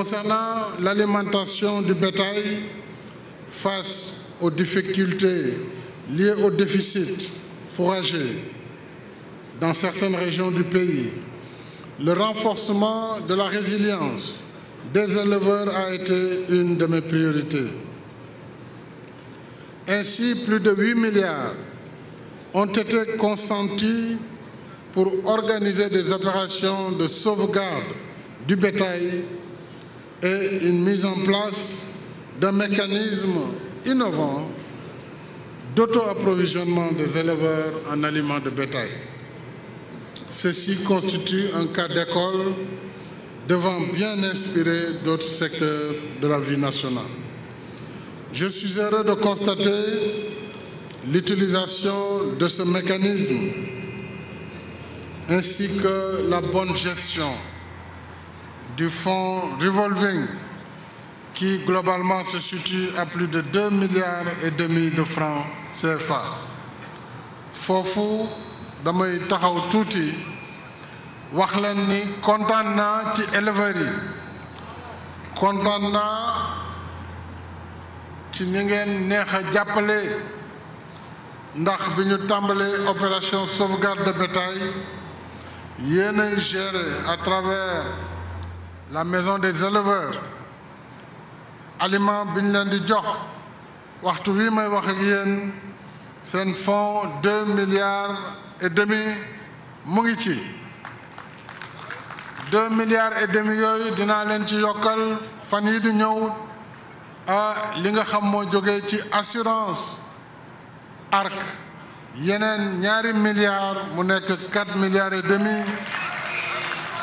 Concernant l'alimentation du bétail, face aux difficultés liées au déficit fourrager dans certaines régions du pays, le renforcement de la résilience des éleveurs a été une de mes priorités. Ainsi, plus de 8 milliards ont été consentis pour organiser des opérations de sauvegarde du bétail et une mise en place d'un mécanisme innovant d'auto-approvisionnement des éleveurs en aliments de bétail. Ceci constitue un cas d'école devant bien inspirer d'autres secteurs de la vie nationale. Je suis heureux de constater l'utilisation de ce mécanisme ainsi que la bonne gestion du fonds revolving qui globalement se situe à plus de 2 milliards et demi de francs CFA Fofu damay taxaw touti wax len ni kontaan qui ci éleveurs yi kontaan ci ni ngeen nexa a ndax biñu tambalé opération sauvegarde de bétail yéen est géré à travers la maison des éleveurs. Aliment Binyandi Djok, Wachtoui Maywakhien, c'est un fonds 2 milliards et demi 2 milliards et demi yoy dina len ci yokal fan yi di ñew a li nga xam mo ci assurance arc yenen ñaari milliards mu nek 4 milliards et demi